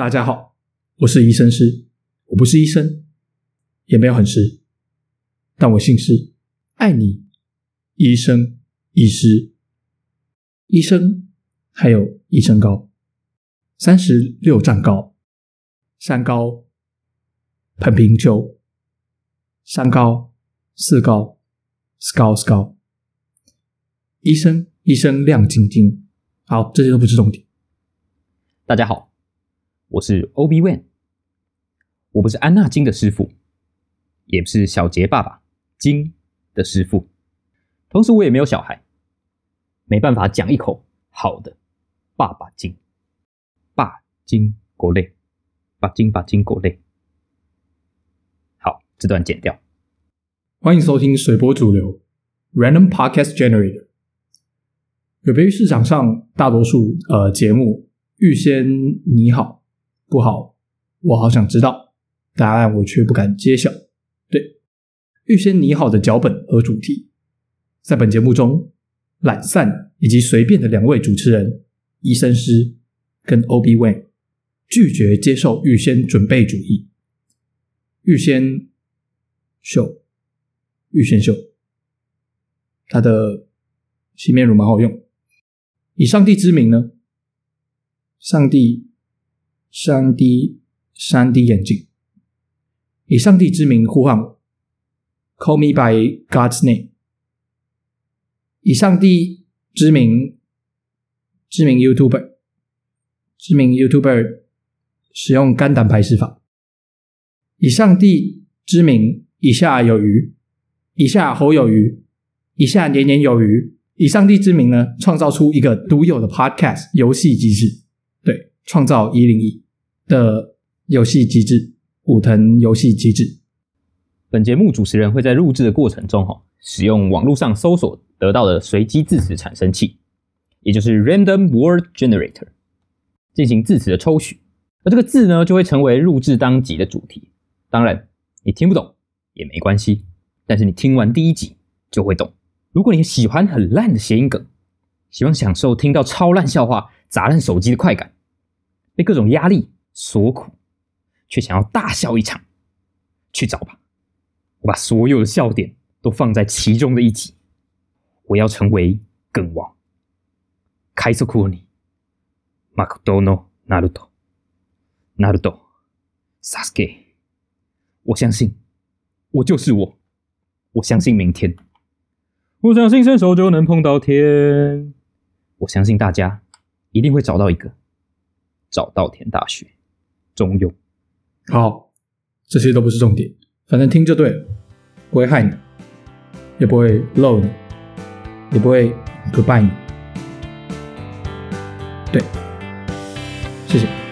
大家好，我是醫生濕，我不是醫生，也沒有很濕，但我姓濕，愛你，醫生，醫師，醫生，還有醫生高，三十六丈高，三高，噴平丘，三高四高，四高四高，醫生醫生亮晶晶，好，這些都不是重點。大家好。我是 OB Wan，我不是安娜金的師傅，也不是小杰爸爸金的師傅，同時我也沒有小孩，沒辦法講一口好的爸爸金，爸金國類，爸金把金國類。好，這段剪掉。歡迎收聽隨播主流，Random Podcast Generator，有別於市場上大多數呃節目預先擬好。不好，我好想知道答案，我卻不敢揭曉。對，預先擬好的腳本和主題，在本節目中，懶散以及隨便的兩位主持人，醫生濕跟 OB Weng，拒絕接受預先準備主義。預先秀，預先秀，他的洗面乳蠻好用。以上帝之名呢？上帝。三 D 三 D 眼鏡，以上帝之名呼喊我，Call me by God's name。以上帝之名，知名 YouTuber 知名 YouTuber 使用肝膽排濕法。以上帝之名，以下有餘，以下猴有餘，以下年年有餘。以上帝之名呢，創造出一個獨有的 Podcast 遊戲機制。創造一零一的遊戲機制，武藤遊戲機制。本節目主持人會在錄製的過程中，哈，使用網絡上搜索得到的隨機字詞產生器，也就是 random word generator，進行字詞的抽取。而這個字呢，就會成為錄製當集的主題。當然，你聽不懂也沒關係，但是你聽完第一集就會懂。如果你喜歡很爛的諧音梗，喜歡享受聽到超爛笑話砸爛手機的快感。被各種壓力所苦，卻想要大笑一場。去找吧！我把所有的笑點都放在其中的一集。我要成為梗王。開瑟庫尼、馬可多諾、納魯多、納魯多、薩斯蓋。我相信，我就是我。我相信明天，我相信伸手就能碰到天。我相信大家一定會找到一個。早稻田大學，中庸。好，這些都不是重點，反正聽就對了，不會害你，也不會 low 你，也不會 goodbye 你。對，謝謝。